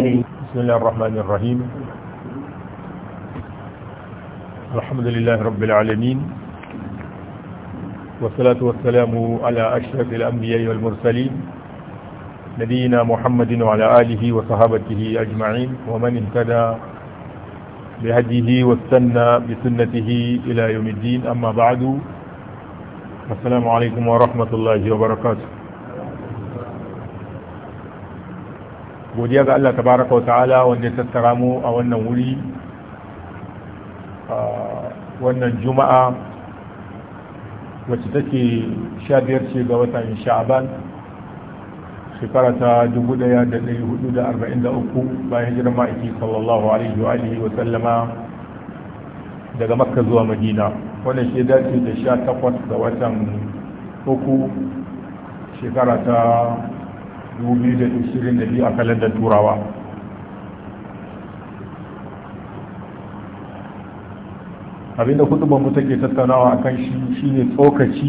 إليه بسم الله الرحمن الرحيم الحمد لله رب العالمين والصلاة والسلام على أشرف الأنبياء والمرسلين نبينا محمد وعلى آله وصحابته أجمعين ومن اهتدى بهديه واستنى بسنته إلى يوم الدين أما بعد السلام عليكم ورحمة الله وبركاته godiya ga Allah tabaraka wa ta'ala wanda ya tattara mu a wannan wuri wannan juma'a wacce take sha biyar ce ga watan sha'aban shekara ta 1443 bayan hijirar ma'aiki sallallahu alaihi wa alihi wa sallama daga makka zuwa madina wannan shi dace da sha takwas ga watan uku shekara ta 2022 a kalandar turawa abinda kutuban mu take tattaunawa akan shi shine tsokaci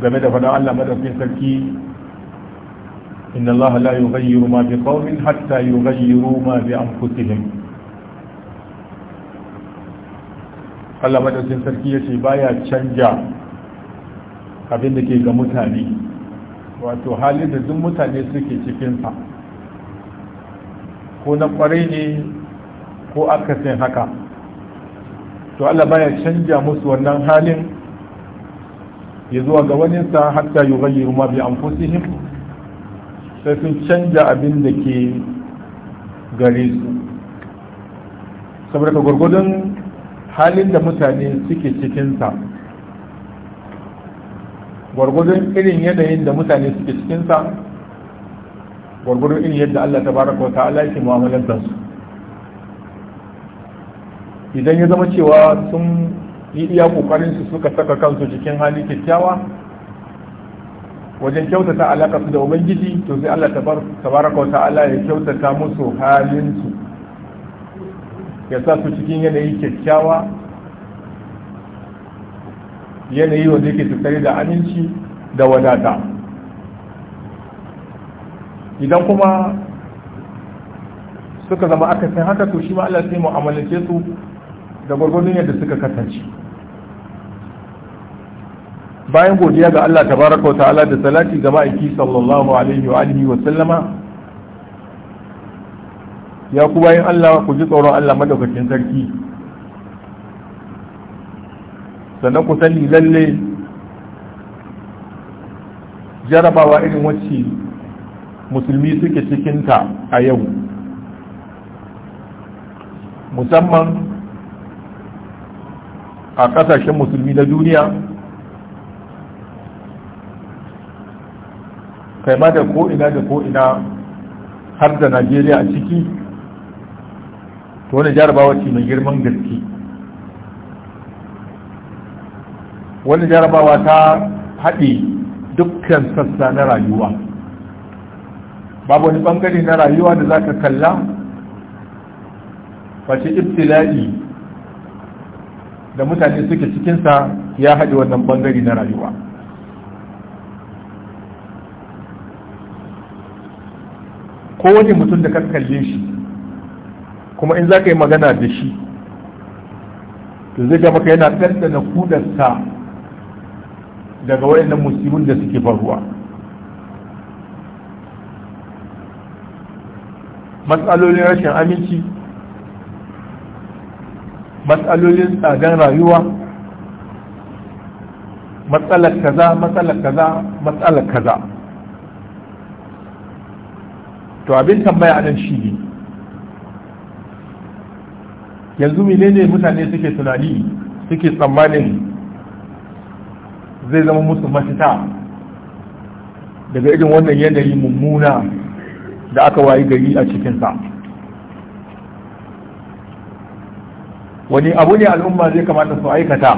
game da faɗin Allah madaukakin sarki inna Allah la yughayyiru ma bi qaumin hatta yughayyiru ma bi anfusihim Allah madaukakin sarki ya ce baya canja abin da ke ga mutane wato halin da duk mutane suke cikinsa ko na kwarai ne ko akasin haka to Allah baya canja musu wannan halin ya zuwa ga waninsa hatta yi rayu ma bi anfusihim sai sun canja abin da ke gare su saboda ka gwargwadon halin da mutane suke cikinsa gwargwadon irin yanayin da mutane suke cikinsa gwargwadon irin yadda Allah ta baraka wa ta'ala yake mu'amalantar su idan ya zama cewa sun yi iya kokarin su suka saka kansu cikin hali kyakkyawa wajen kyautata alaka su da ubangiji to sai Allah Ta tabaraka wa ta'ala ya kyautata musu halin su ya sa su cikin yanayi kyakkyawa yanayi wanda yake tattare da aminci da wadata idan kuma suka zama aka san haka to shi ma Allah sai mu'amalance su da gwargwadon yadda suka kasance bayan godiya ga Allah tabaraka wa ta'ala da salati ga ma'aiki sallallahu alaihi wa alihi wa sallama ya ku bayan Allah ku ji tsoron Allah madaukakin sarki sannan ku sani lalle jarabawa irin wacce musulmi suke cikinta a yau musamman a kasashen musulmi na duniya kai ma da ko'ina da ko'ina har da najeriya a ciki to wani jarabawa ce mai girman gaske wani jarabawa ta haɗe dukkan sassa na rayuwa babu wani ɓangare na rayuwa da za ka kalla face ibtila'i da mutane suke cikinsa ya haɗe wannan ɓangare na rayuwa kowane mutum da ka kalle shi kuma in za ka yi magana da shi da zai ga maka yana ɗanɗana kudarsa daga wayannan musulmin da suke faruwa matsalolin rashin aminci matsalolin tsadan rayuwa matsalar kaza matsalar kaza matsalar kaza to abin tambaya nan shi ne yanzu ne mutane suke tunani suke tsammanin zai zama musu mafita daga irin wannan yanayi mummuna da aka wayi gari a cikinsa wani abu ne al'umma zai kamata su aikata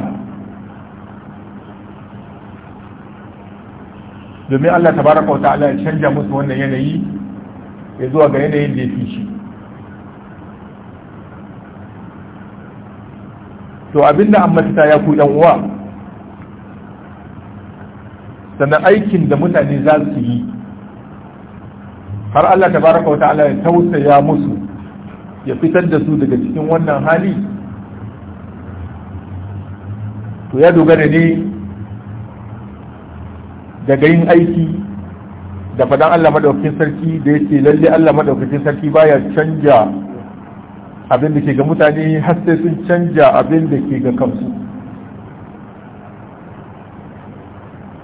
domin allah ta wa ta'ala ya canja musu wannan yanayi ya zuwa ga yanayin da ya fi shi to abinda an mafita ya ku uwa sannan aikin da mutane za su yi har Allah tabaraka wa ta'ala ya tausaya musu ya fitar da su daga cikin wannan hali to ya dogara ne daga yin aiki da fadan Allah madaukakin sarki da yake lalle Allah madaukakin sarki baya canja abin da ke ga mutane har sai sun canja abin da ke ga kansu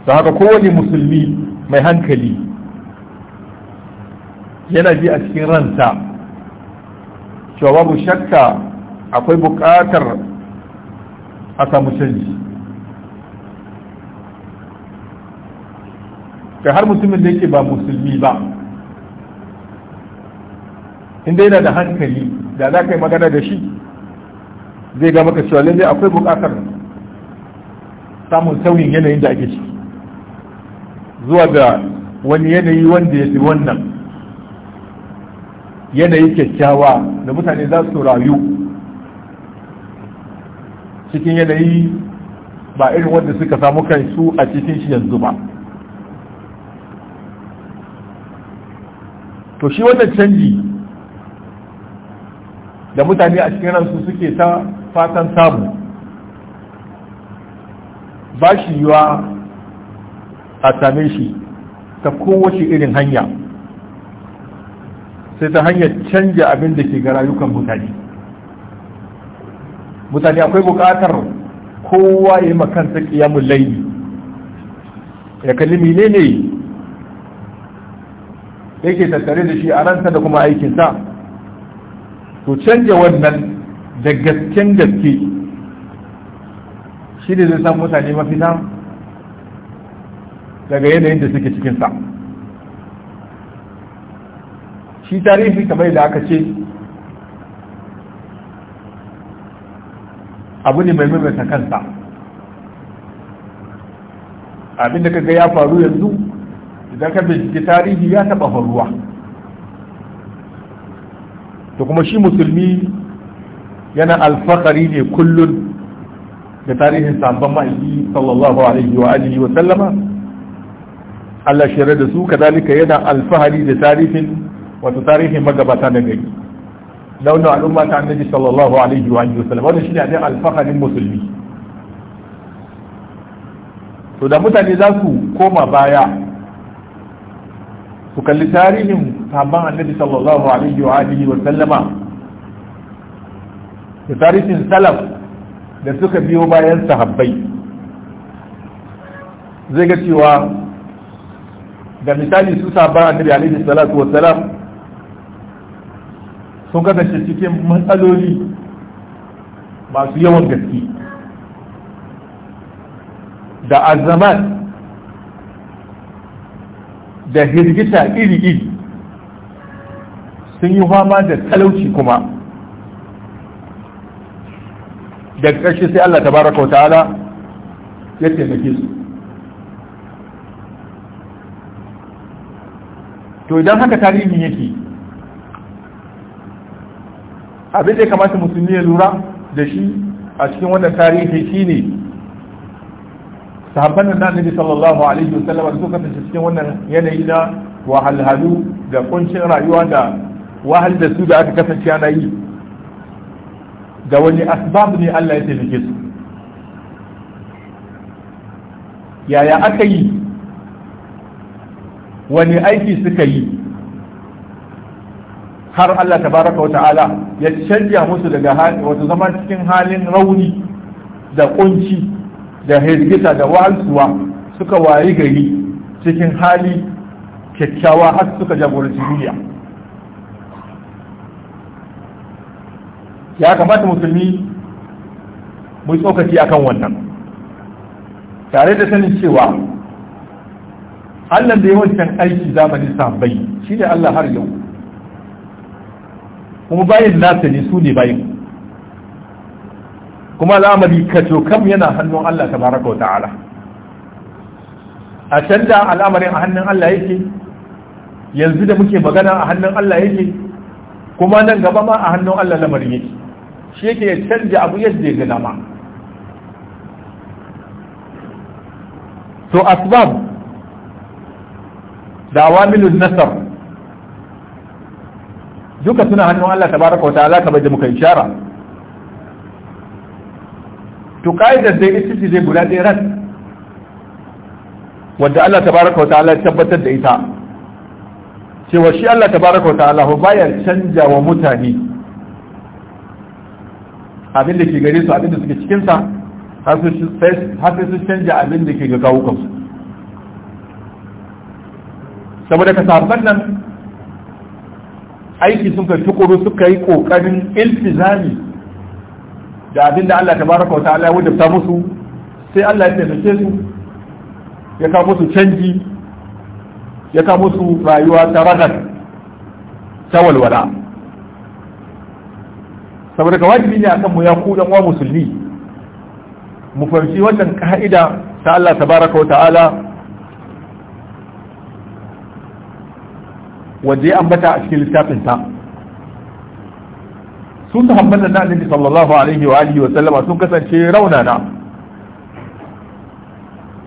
da haka kowane musulmi mai hankali yana ji a cikin ransa cewa babu shakka akwai buƙatar a samu canji kai har mutumin da yake ba musulmi ba inda yana da hankali da za ka yi magana da shi zai ga maka cewa lallai akwai buƙatar samun sauyin yanayin da ake ciki zuwa da wani yanayi wanda ya fi wannan yanayi kyakkyawa da mutane za su rayu cikin yanayi ba irin wanda suka samu kansu a cikin shi yanzu ba to shi wannan canji da mutane a cikin ransu suke ta fatan samu ba shi yiwa a same shi ta kowace irin hanya sai ta hanyar canja abin da ke ga rayukan mutane mutane akwai bukatar kowa ya yi makansa kiyamun laini ya kalli menene yake tattare da shi a ransa da kuma aikinsa to canja wannan da gasken gaske shi ne zai san mutane mafita daga yanayin da suke cikinsa shi tarihi kamar da aka ce abu ne mai maimaita kansa abinda da kaga ya faru yanzu idan ka bincike tarihi ya taba faruwa to kuma shi musulmi yana alfakari ne kullum da tarihin sabon ma'aiki sallallahu alaihi wa alihi wa sallama Allah shirya da su kazalika yana alfahari da tarihin wato tarihin magabata na gari launin al'umma ta annabi sallallahu alaihi wa sallam wannan shine ne alfaharin musulmi to da mutane za su koma baya su kalli tarihin sahabban annabi sallallahu alaihi wa alihi wa sallama da tarihin salaf da suka biyo bayan sahabbai zai ga cewa ga misali su sabon annabi alaihi salatu wa salam sun kasance cikin matsaloli masu yawan gaske da azaman da hirgita iri-iri sun yi fama da talauci kuma daga ƙarshe sai Allah tabaraka wa ta'ala ya taimake su to idan haka tarihi yake abin da ya kamata musulmi ya lura da shi a cikin wannan tarihi shi ne, sahabban da annabi sallallahu alaihi wa da su kasance cikin wannan yanayi na wahalhalu da kuncin rayuwa da wahal da su da aka kasance ana yi da wani asbab ne Allah ya taimake su yaya aka yi wani aiki suka yi har Allah tabaraka wa ta'ala ya canja musu daga wato zama cikin halin rauni da kunci da hirgita da wa'alsuwa suka wayi gari cikin hali kyakkyawa har suka jagoranci duniya ya kamata musulmi mu tsokaci akan wannan tare da sanin cewa Allah da ya wancan aiki zamanin sabai shi ne Allah har yau kuma bayan nasa ne su ne bayan kuma al'amari kaco kam yana hannun Allah ta baraka wa ta'ala a canza al'amarin a hannun Allah yake yanzu da muke magana a hannun Allah yake kuma nan gaba ma a hannun Allah lamarin yake shi yake ya canja abu yadda ya gana ma to asbab da awamilun nasar duka suna hannun Allah tabaraka wa ta'ala kamar da muka ishara to kaidar dai ita ce zai guda ɗaya ran wadda Allah tabaraka wa ta'ala ya tabbatar da ita cewa shi Allah tabaraka wa ta'ala ba baya canja wa mutane abin da ke gare su abin da suke cikinsa har sai su canja abin da ke ga kawukansu saboda ka sahabban nan aiki sun kai tukuru suka yi kokarin iltizami da abin da Allah tabaraka wa ta'ala ya wajabta musu sai Allah ya taimake su ya kawo musu canji ya kawo musu rayuwa ta ranar ta walwala saboda ka wajibi ne akan mu ya ku dan wa musulmi mu fahimci wannan ka'ida ta Allah tabaraka wa ta'ala wanda ya ambata a cikin littafin ta su sahabban nan sallallahu alaihi wa alihi wa sallama sun kasance raunana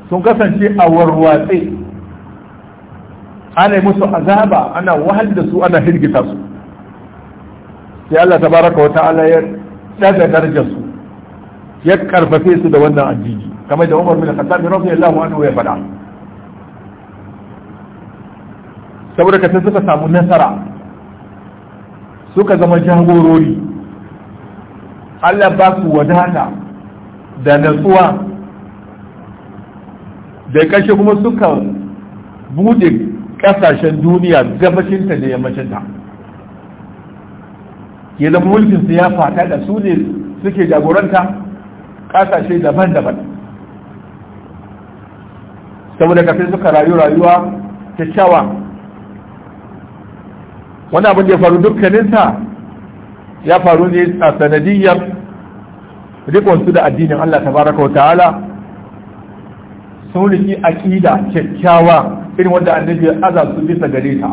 sun kasance a warwatse ana yi musu azaba ana wahal da su ana hirgita su sai Allah tabaraka wa ta'ala ya daga darajar su ya karfafe su da wannan addini kamar da Umar bin Khattab radiyallahu anhu ya faɗa saboda ka suka samu nasara suka zama jagorori Allah ba su wadata da natsuwa da kashe kuma suka bude ƙasashen duniya gabashinta da yammacinta ya mulkin su ya fata da su ne suke jagoranta kasashe daban-daban saboda kafin suka rayu rayuwa kyakkyawa wani abin da ya faru dukkaninsa ya faru ne a sanadiyyar rikonsu da addinin Allah Ta baraka wa ta'ala sun riki aƙida kyakkyawa irin wanda annabi ya aza su bisa gare ta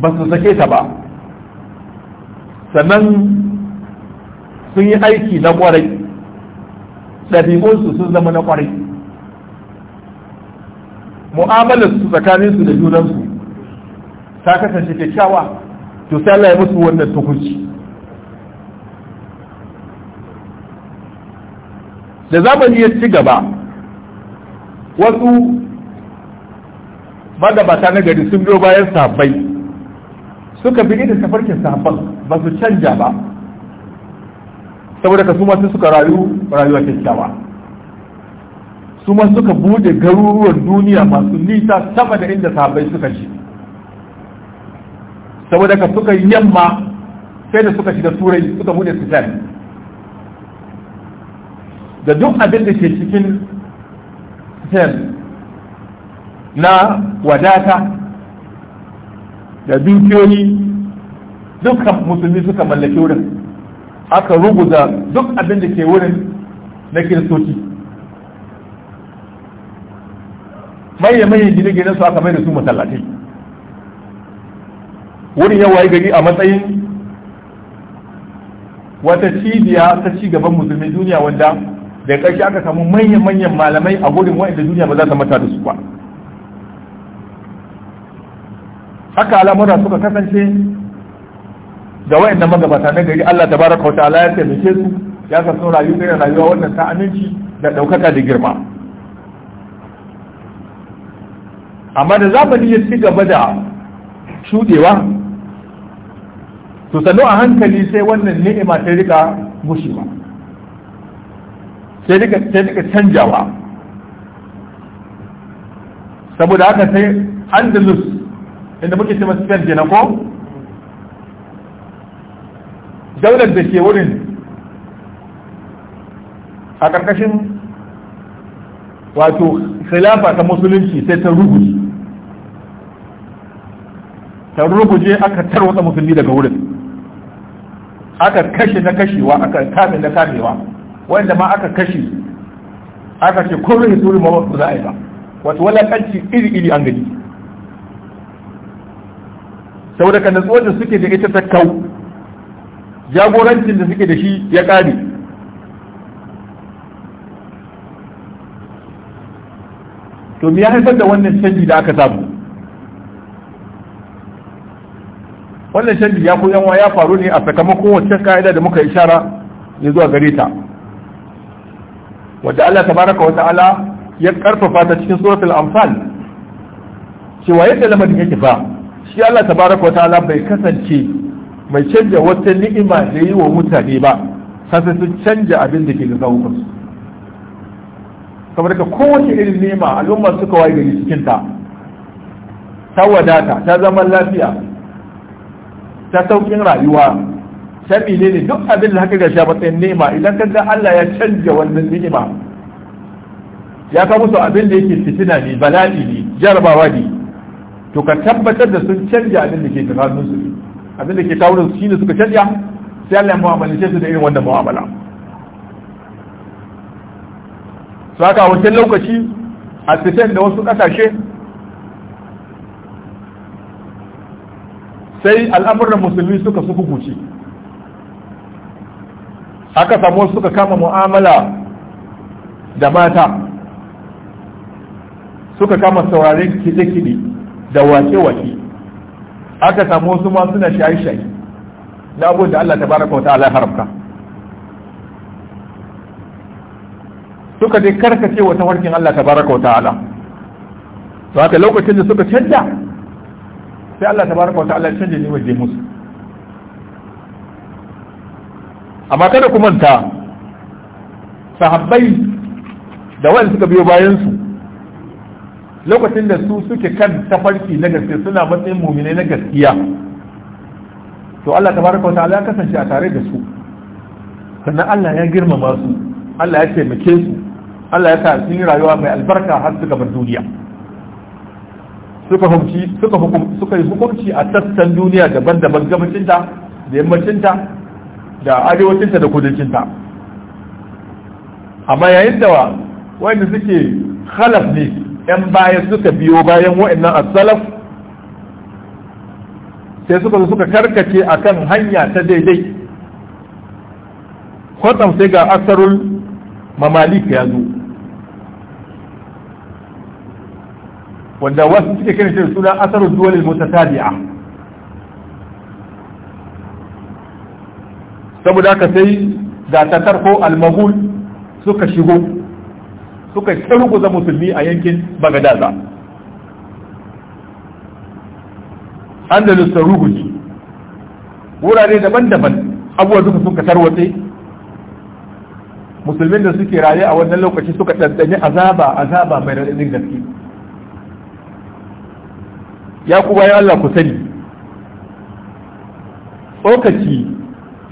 ba su sake ta ba sannan sun yi aiki na ƙwarai ɗabi'unsu sun zama na ƙwarai su tsakaninsu da junansu ta kasance kyakkyawa to sai Allah ya musu wannan tukunci da zamani ya ci gaba wasu magabata na gari sun biyo bayan sabai suka bi da tafarkin sabon ba su canja ba saboda ka su masu suka rayu rayuwa kyakkyawa su suka bude garuruwan duniya masu nisa sama da inda sabai suka ci saboda ka suka yamma sai da suka shiga turai suka bude sudan da duk abin da ke cikin sudan na wadata da dukiyoyi dukkan musulmi suka mallaki wurin aka ruguza duk abin da ke wurin na kiristoci maye maye gine-gine su aka mai da su masallatai wurin yau wayi gari a matsayin wata cibiya ta ci gaban musulmi duniya wanda da ƙarshe aka samu manyan-manyan malamai a gurin wa'inda duniya ba za ta mata da su ba haka al'amura suka kasance da wa'inda magabata na gari Allah tabaraka wa ta'ala ya taimake su ya kasu rayu da rayuwa wannan ta aminci da ɗaukaka da girma amma da zamani ya ci gaba da shuɗewa to sannu a hankali sai wannan ni'ima ta rika gushewa sai rika canjawa saboda haka sai andalus inda muke spain masu na ko daular da ke wurin a ƙarƙashin wato khilafa ta musulunci sai ta rubuce ta ruguje aka tarwatsa musulmi daga wurin aka kashe na kashewa aka kame na kamewa wanda ma aka kashe aka ce kuma rahe suri ma wasu za yi ba wato walakanci iri iri an gani saboda kan natsuwar da suke da ita ta kau jagorancin da suke da shi ya kare to me ya haifar da wannan canji da aka samu wannan canji ya koyan wa ya faru ne a sakamakon wacce ka'ida da muka ishara ya zuwa gare ta wadda Allah tabaraka wa ta'ala ya karfafa ta cikin suratul amsal cewa yadda lamarin yake ba shi Allah tabaraka wa ta'ala bai kasance mai canja wata ni'ima da yi wa mutane ba sai sun canja abin da ke da Kamar ka kowace irin ni'ima al'umma suka waye gari cikin ta ta wadata ta zama lafiya ta saukin rayuwa shabi ne ne duk abin da haka ga sha matsayin nema idan ka ga Allah ya canja wannan ni'ima ya ka musu abin da yake fitina ne bala'i ne jarabawa ne to ka tabbatar da sun canja abin da ke tsakanin su abin da ke kawo su shine suka canja sai Allah ya mu'amalace su da irin wannan mu'amala saka wancan lokaci a fitan da wasu kasashe sai al'amuran musulmi suka suku guci aka samu suka kama mu'amala da mata suka kama sauraren kide-kide da wake-wake aka samu su ma suna shayi-shayi na abubuwan da Allah ta baraka wa ta'ala haramta suka dai karkace wa warkin Allah ta baraka wa ta'ala to haka lokacin da suka canja sai Allah ta wata allah ya canje ne waje musu amma kada ku manta sahabbai da wani suka biyo bayansu lokacin da su suke kan tafarki na gaske suna matsayin mumine na gaskiya to Allah ta baraka wata ya kasance a tare da su sannan Allah ya girmama su Allah ya taimake su Allah ya sa sun yi rayuwa mai albarka har suka bar duniya suka hukunci suka suka yi hukunci a sassan duniya daban-daban ta da yammacinta da arewacinta da kudancinta amma yayin da wanda suke khalaf ne yan baya suka biyo bayan wa'annan as-salaf sai suka suka karkace akan hanya ta daidai kwatsam sai ga asarul mamalik ya wanda wasu suke kiran shi suna asar duwalil mutatabi'a saboda haka sai da ta al almahul suka shigo suka ruguza musulmi a yankin bagadaza andalus ta ruguji wurare daban-daban abuwa duka suka tarwatse musulmin da suke raye a wannan lokaci suka ɗanɗani azaba azaba mai raɗaɗin gaske ya ku bayan Allah ku sani tsokaci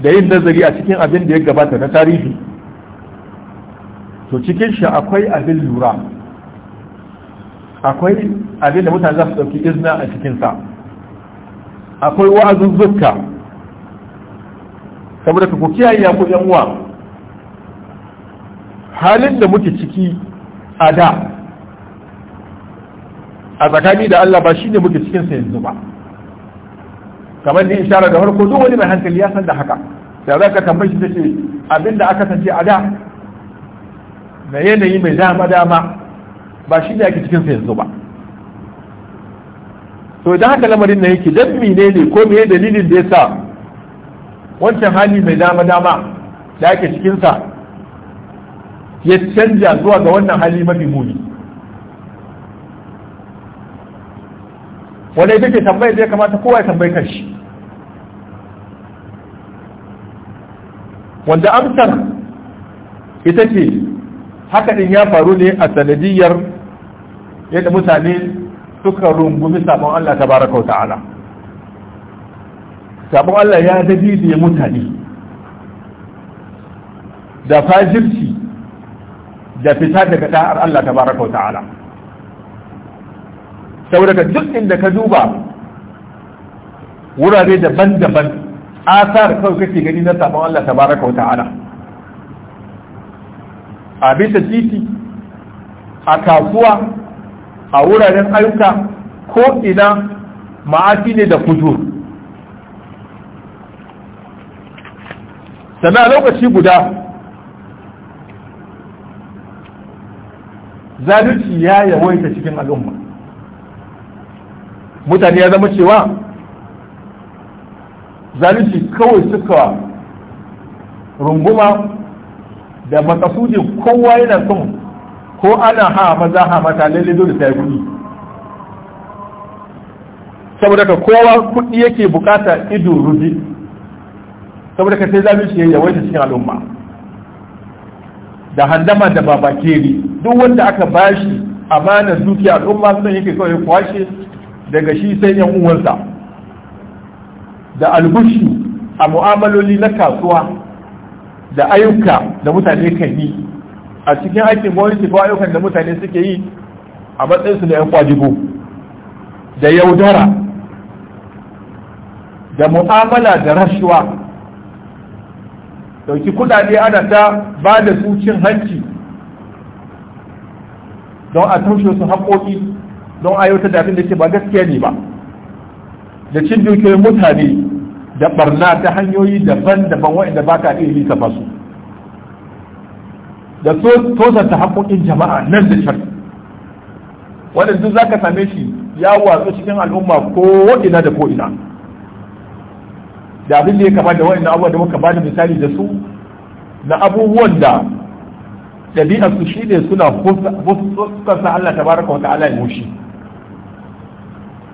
da yin nazari a cikin abin da ya gabata na tarihi to cikin shi akwai abin lura akwai abin da mutane za su ɗauki izina a cikinsa akwai wa'azin zukka saboda ku kiyaye ya ku uwa halin da muke ciki a da a tsakani da Allah ba shi ne muke cikin sa yanzu ba kamar ni isharar da farko duk wani mai hankali ya san da haka sai za ka tambayi shi tace abinda aka sace a da na yanayi mai dama dama ba shi ne ake cikin sa yanzu ba to idan haka lamarin na yake dan mine ne ko me dalilin da yasa wancan hali mai dama dama da ake cikin sa ya canja zuwa ga wannan hali mafi muni wanda ita ce tambayar da ya kamata kowa ya tambayi kanshi wanda amsar ita ce haka din ya faru ne a sanadiyar yadda mutane suka rungumi sabon Allah ta baraka ta'ala sabon Allah ya dabibiye mutane da fajirci da fita daga da'ar Allah ta baraka ta'ala saboda duk inda ka duba wurare daban-daban asar kawai kake gani na sabon Allah Ta baraka wa ta'ala a bisa titi a kasuwa a wuraren ayyuka ko ina ma'afi ne da fujur sannan lokaci guda zaluci ya yawaita cikin al'umma mutane ya zama cewa zalunci kawai suka runguma da makasudi kowa yana son ko ana hawa maza ha mata lalle dole sai kuɗi saboda ka kowa kudi yake bukata ido rubi saboda ka sai zalunci ya da cikin al'umma da handama da babakeri duk wanda aka bashi amanar dukiya al'umma sun yake kawai kwashe daga shi sai yan uwansa da algushi a mu'amaloli na kasuwa da ayyuka da mutane kan yi a cikin aikin gwamnati ko ayyukan da mutane suke yi a matsayinsu na 'yan kwajigo da yaudara da mu'amala da rashuwa dauki kudade ana ta ba da su cin hanci don a taushe su haƙoƙi don aiwatar da abin da ke ba gaskiya ne ba da cin dukiyoyin mutane da barna ta hanyoyi daban-daban waɗanda ba ka iya lissafa su da tozarta haƙoƙin jama'a nan da can wanda duk za ka same shi ya watsu cikin al'umma ko ina da ko ina da abin da ya kama da waɗannan abuwa da muka bada misali da su na abubuwan da ɗabi'ar su ne suna fuskar Allah Allah baraka wa ta'ala ya mushi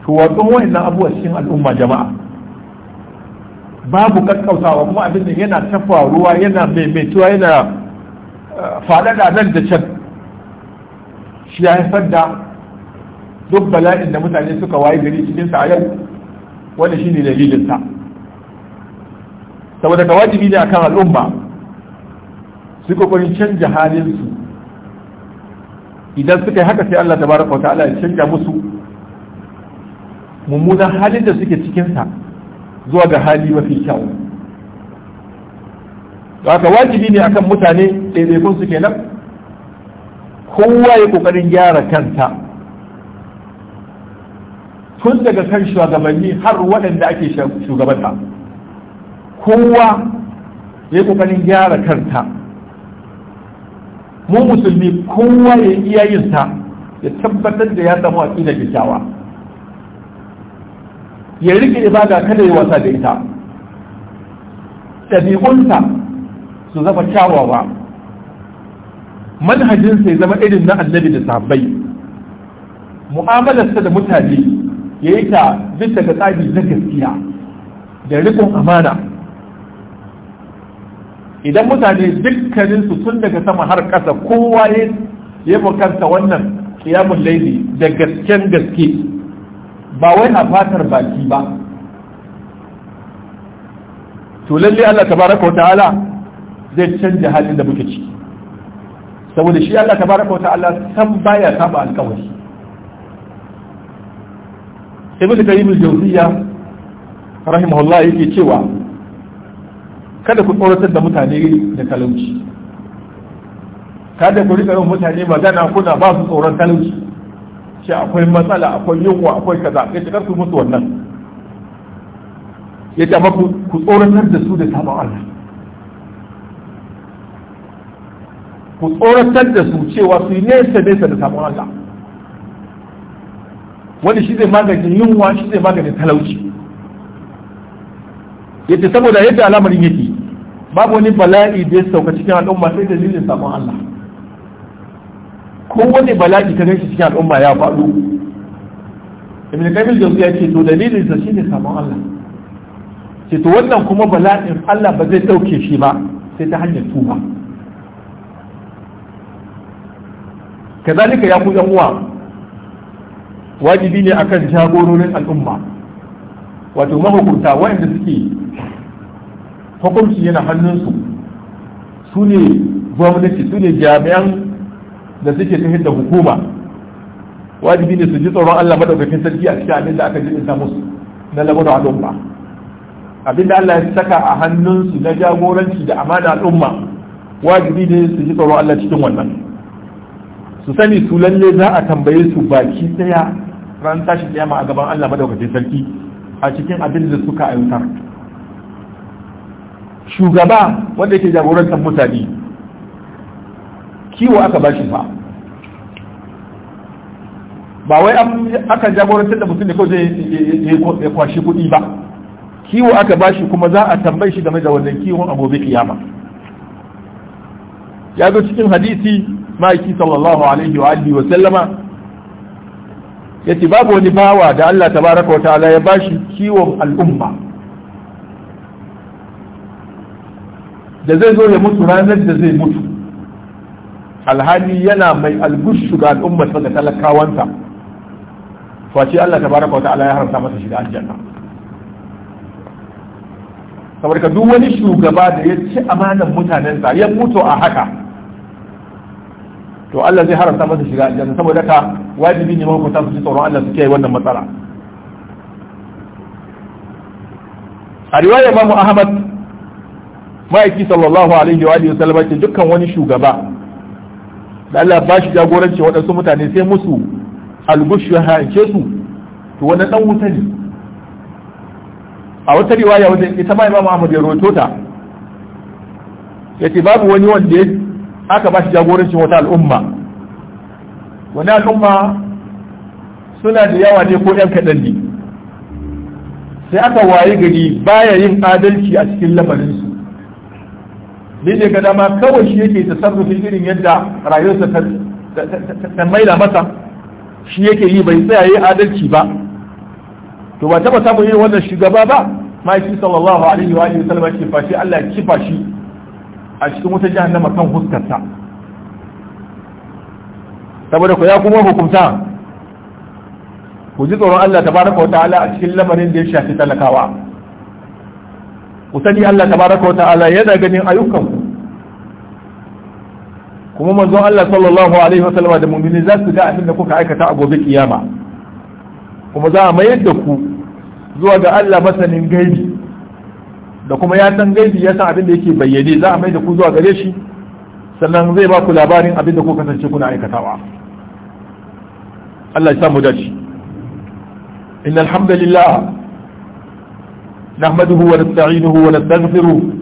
to wasu wa'annan abuwa cikin al'umma jama'a babu kakkautawa kuma abin da yana tafa ruwa yana maimaituwa yana eh, faɗaɗa nan da can shi ya haifar da duk bala'in da mutane suka waye gari cikin sa a yau wanda shine dalilin sa saboda ga wajibi ne akan al'umma su kokarin canja halin su idan suka yi haka sai Allah tabaraka wa ta'ala ya canja musu mummunan halin da suke cikinsa zuwa ga hali mafi kyau haka wajibi ne akan mutane ɗaiɗaikun su kenan kowa ya ƙoƙarin gyara kanta tun daga kan shugabanni har waɗanda ake shugabanta kowa ya yi ƙoƙarin gyara kanta mu musulmi kowa ya iya yin ta ya tabbatar da ya a da kyakkyawa ya rike ibada kada ya wasa da ita ɗabi'unsa su zama kyawawa manhajinsa ya zama irin na annabi da sahabbai mu'amalarsa da mutane ya yi ta bisa ga tsari na gaskiya da rikon amana idan mutane dukkaninsu tun daga sama har ƙasa kowa ya yi kanta wannan kiyamun laili da gasken gaske ba wai a fatar baki ba to lalle Allah tabaraka ta'ala zai canja halin da muke ciki saboda shi Allah tabaraka ta'ala san baya saba alƙawari. ibn qayyim al jawziya rahimahullah yake cewa kada ku tsoratar da mutane da talauci kada ku rika yin mutane magana kuna ba su tsoron talauci ce akwai matsala akwai yunwa akwai kaza ya ce kar musu wannan ya ce amma ku tsoratar da su da sabon Allah ku tsoratar da su cewa su yi nesa nesa da sabon Allah Wani shi zai magani yunwa shi zai magani talauci ya ce saboda yadda al'amarin yake babu wani bala'i da ya sauka cikin al'umma sai dalilin sabon Allah kowane bala'i ka ganshi cikin al'umma ya faɗo ibn kabil da ya ce to dalilin sa shine samun Allah ce to wannan kuma bala'in Allah ba zai ɗauke shi ba sai ta hanyar tuba kazalika ya ku yan uwa wajibi ne akan jagororin al'umma wato mahukunta waɗanda suke hukunci yana hannunsu su ne gwamnati su ne jami'an da suke cikin da hukuma wajibi ne su ji tsoron Allah madaukakin sarki a cikin abin da aka samu musu na lamarin al'umma abin da Allah ya saka a hannunsu na jagoranci da amana al'umma wajibi ne su ji tsoron Allah cikin wannan su sani su lalle za a tambaye su baki daya ran tashi kiyama a gaban Allah madaukakin sarki a cikin abin da suka aiwatar shugaba wanda yake jagorantar mutane kiwo aka bashi fa ba wai aka jagorantar da mutum da kawai ya kwashi kuɗi ba kiwo aka bashi kuma za a tambayi shi game da wannan kiwon a gobe kiyama ya zo cikin hadisi ma'aiki sallallahu alaihi wa alihi wa sallama yace babu wani bawa da Allah tabaraka wa ta'ala ya bashi kiwon al'umma da zai zo ya mutu ranar da zai mutu alhali yana mai albushu ga al'ummarsa da talakawanta face Allah tabaraka wa ta'ala ya haramta masa shiga aljanna saboda ka duk wani shugaba da ya ci amanan mutanensa ya mutu a haka to Allah zai haramta masa shiga aljanna saboda ka wajibi ne mako ta su ji tsoron Allah su kiyaye wannan matsala a riwaya Imam Ahmad ma'aiki sallallahu alaihi wa sallam ce dukkan wani shugaba da Allah ba shi jagoranci waɗansu mutane sai musu algushu haince su to wani ɗan wuta ne a wata riwaya wajen ita ma imamu Ahmad ya roto ta yace babu wani wanda aka ba shi jagorancin wata al'umma wani al'umma suna da yawa ne ko 'yan kaɗan ne sai aka wayi gari baya yin adalci a cikin lamarinsu ne ne ga dama kawai shi yake tasarrufi irin yadda rayuwarsa ta maida masa shi yake yi bai tsaya adalci ba to ba taba samun yin wannan shugaba ba ma'aiki sallallahu alaihi wa sallama ce fashi Allah ya kifa shi a cikin wata jahannama kan huskarsa saboda ku ya kuma hukunta ku ji tsoron Allah tabaraka wa ta'ala a cikin lamarin da ya shafi talakawa ku sani Allah tabaraka wa ta'ala yana ganin ayyukan kuma manzon Allah sallallahu alaihi wasallam da mu'mini za su ga abin da kuka aikata a gobe kiyama kuma za a mayar da ku zuwa ga Allah masanin gaibi da kuma ya san gaibi ya san abin da yake bayyane za a mayar da ku zuwa gare shi sannan zai ba ku labarin abin da kuka kasance kuna aikatawa Allah ya samu dace innal hamdalillah nahmaduhu wa nasta'inuhu wa nastaghfiruh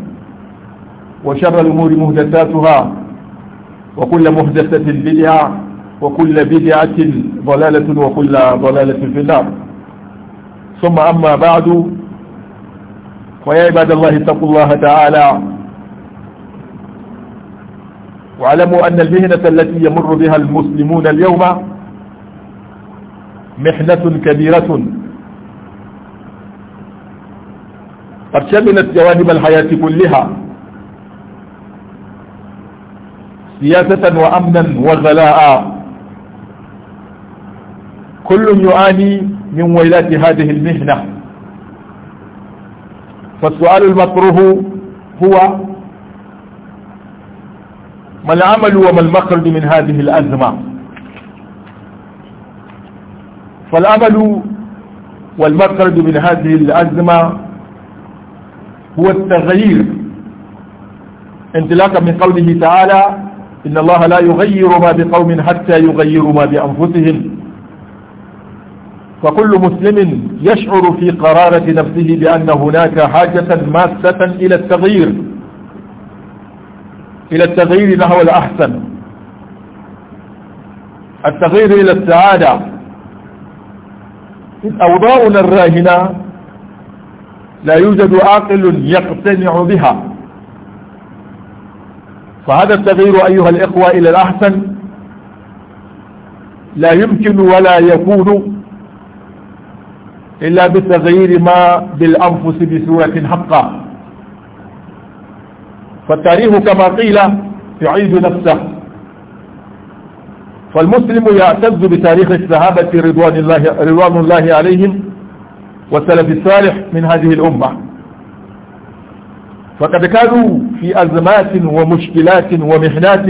وشر الأمور مهدثاتها وكل مهدثة بدعة وكل بدعة ضلالة وكل ضلالة في النار ثم أما بعد فيا عباد الله اتقوا الله تعالى واعلموا أن المهنة التي يمر بها المسلمون اليوم محنة كبيرة قد شملت جوانب الحياة كلها سياسة وأمنا وغلاء كل يعاني من ويلات هذه المهنة فالسؤال المطروح هو ما العمل وما المخرج من هذه الأزمة فالعمل والمخرج من هذه الأزمة هو التغيير انطلاقا من قوله تعالى إن الله لا يغير ما بقوم حتى يغيروا ما بأنفسهم فكل مسلم يشعر في قرارة نفسه بأن هناك حاجة ماسة إلى التغيير إلى التغيير نحو الأحسن التغيير إلى السعادة إذ أوضاعنا الراهنة لا يوجد عاقل يقتنع بها فهذا التغيير أيها الإخوة إلى الأحسن لا يمكن ولا يكون إلا بتغيير ما بالأنفس بصورة حقة فالتاريخ كما قيل يعيد نفسه فالمسلم يعتز بتاريخ الصحابة رضوان الله, رضوان الله عليهم والسلف الصالح من هذه الأمة فقد كانوا في أزمات ومشكلات ومحنات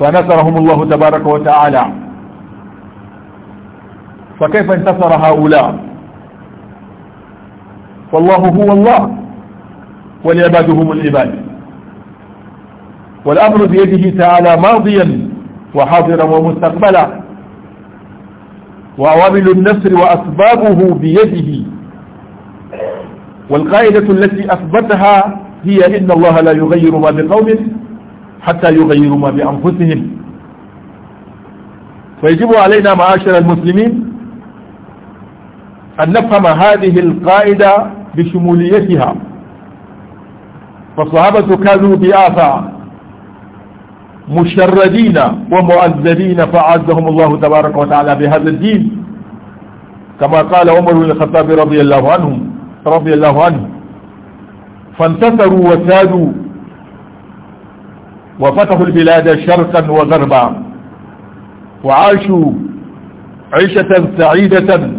فنصرهم الله تبارك وتعالى فكيف انتصر هؤلاء فالله هو الله والعباد هم العباد والأمر بيده تعالى ماضيا وحاضرا ومستقبلا وعوامل النصر وأسبابه بيده والقاعدة التي أثبتها هي إن الله لا يغير ما بقوم حتى يغيروا ما بأنفسهم فيجب علينا معاشر المسلمين أن نفهم هذه القاعدة بشموليتها فالصحابة كانوا بآفا مشردين ومؤذبين فعزهم الله تبارك وتعالى بهذا الدين كما قال عمر بن الخطاب رضي الله عنه رضي الله عنه فانتصروا وسادوا وفتحوا البلاد شرقا وغربا وعاشوا عيشة سعيدة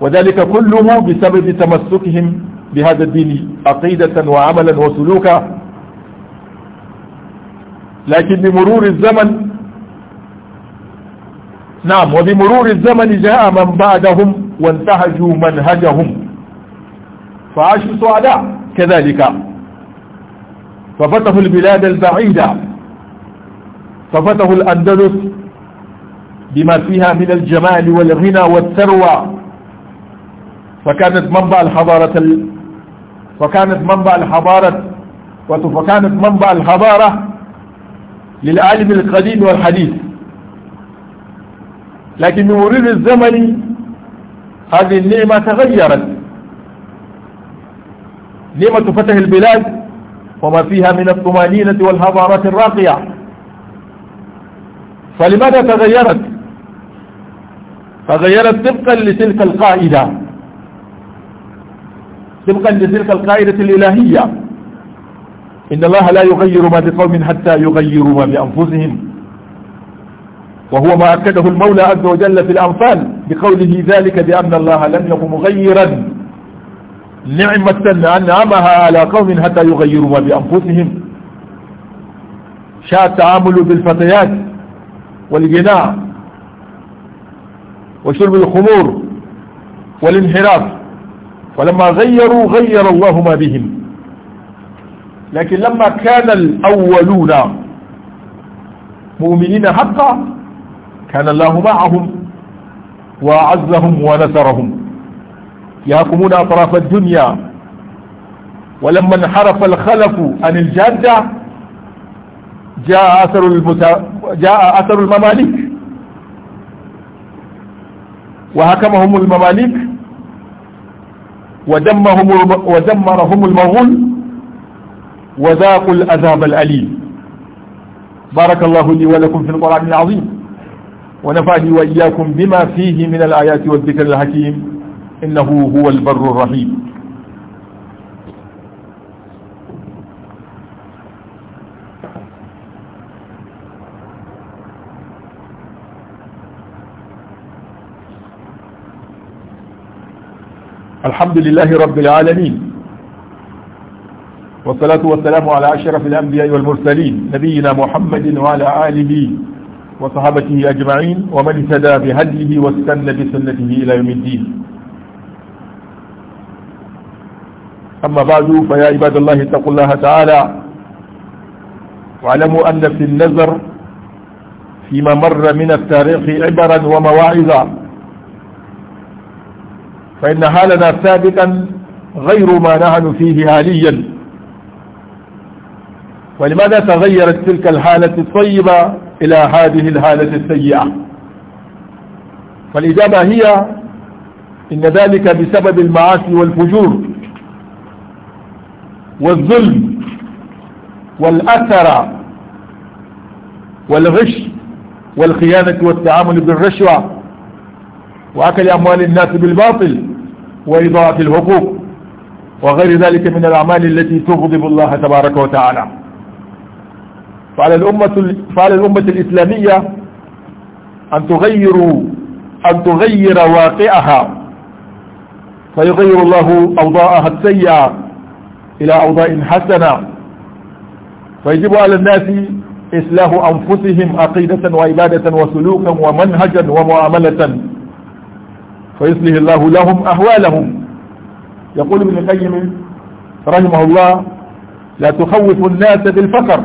وذلك كله بسبب تمسكهم بهذا الدين عقيدة وعملا وسلوكا لكن بمرور الزمن نعم وبمرور الزمن جاء من بعدهم وانتهجوا منهجهم فعاشوا سعداء كذلك ففتحوا البلاد البعيدة ففتحوا الأندلس بما فيها من الجمال والغنى والثروة فكانت منبع الحضارة ال... فكانت منبع الحضارة فكانت منبع الحضارة للعالم القديم والحديث لكن بمرور الزمن هذه النعمة تغيرت نعمة فتح البلاد وما فيها من الطمانينة والهضارات الراقية فلماذا تغيرت تغيرت طبقا لتلك القائدة طبقا لتلك القائدة الإلهية إن الله لا يغير ما بقوم حتى يغيروا ما بأنفسهم وهو ما أكده المولى عز وجل في الأنفال بقوله ذلك بأن الله لم يكن مغيرا نعمة أنعمها على قوم حتى يغيروا ما بأنفسهم شاء التعامل بالفتيات والجناع وشرب الخمور والانحراف ولما غيروا غير الله ما بهم لكن لما كان الأولون مؤمنين حقا كان الله معهم وعزهم ونصرهم يهاكمون أطراف الدنيا ولما انحرف الخلف عن الجادة جاء أثر, المت... جاء أثر المماليك وهكمهم المماليك ودمهم ودمرهم المغول وذاقوا العذاب الأليم بارك الله لي ولكم في القرآن العظيم ونفعني وإياكم بما فيه من الآيات والذكر الحكيم إنه هو البر الرحيم الحمد لله رب العالمين والصلاة والسلام على أشرف الأنبياء والمرسلين نبينا محمد وعلى آله وصحابته أجمعين ومن اهتدى بهديه واستنى بسنته إلى يوم الدين أما بعد فيا عباد الله اتقوا الله تعالى واعلموا أن في النذر فيما مر من التاريخ عبرا ومواعظا فإن حالنا سابقا غير ما نحن فيه حاليا ولماذا تغيرت تلك الحالة الطيبة إلى هذه الهالة السيئة فالإجابة هي إن ذلك بسبب المعاصي والفجور والظلم والأثر والغش والخيانة والتعامل بالرشوة وأكل أموال الناس بالباطل وإضاءة الحقوق وغير ذلك من الأعمال التي تغضب الله تبارك وتعالى فعلى الأمة, فعلى الأمة الإسلامية أن تغير أن تغير واقعها فيغير الله أوضاعها السيئة إلى أوضاع حسنة فيجب على الناس إصلاح أنفسهم عقيدة وعبادة وسلوكا ومنهجا ومعاملة فيصلح الله لهم أهوالهم يقول ابن القيم رحمه الله لا تخوف الناس بالفقر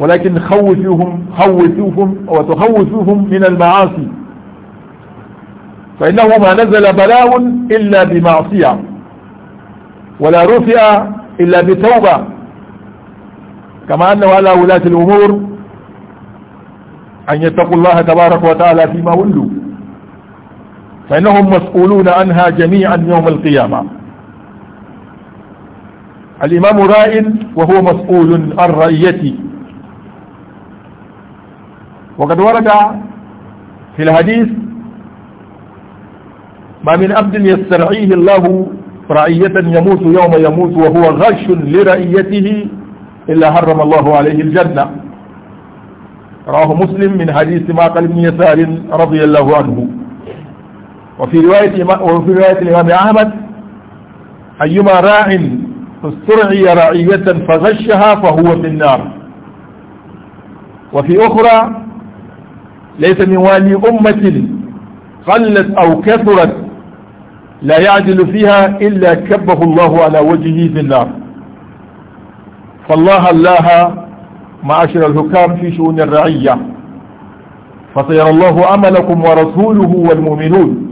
ولكن خوفوهم خوفوهم وتخوفوهم من المعاصي فإنه ما نزل بلاء إلا بمعصية ولا رفع إلا بتوبة كما أنه على ولاة الأمور أن يتقوا الله تبارك وتعالى فيما ولوا فإنهم مسؤولون عنها جميعا يوم القيامة الإمام رائن وهو مسؤول عن رأيته وقد ورد في الحديث ما من عبد يسترعيه الله رعية يموت يوم يموت وهو غش لرعيته إلا حرم الله عليه الجنة رواه مسلم من حديث معقل بن يسار رضي الله عنه وفي رواية وفي رواية الإمام أحمد أيما راع استرعي رعية فغشها فهو في النار وفي أخرى ليس من والي أمة قلت أو كثرت لا يعدل فيها إلا كبه الله على وجهه في النار فالله الله معاشر الحكام في شؤون الرعية فسيرى الله عملكم ورسوله والمؤمنون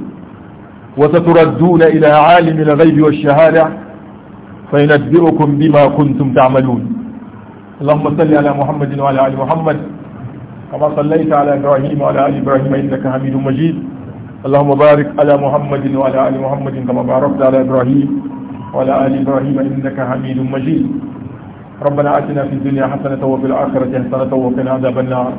وستردون إلى عالم الغيب والشهادة فينبئكم بما كنتم تعملون اللهم صل على محمد وعلى آل محمد كما صليت على إبراهيم وعلى آل إبراهيم إنك حميد مجيد اللهم بارك على محمد وعلى آل محمد كما باركت على إبراهيم وعلى آل إبراهيم إنك حميد مجيد ربنا آتنا في الدنيا حسنة وفي الآخرة حسنة وقنا عذاب النار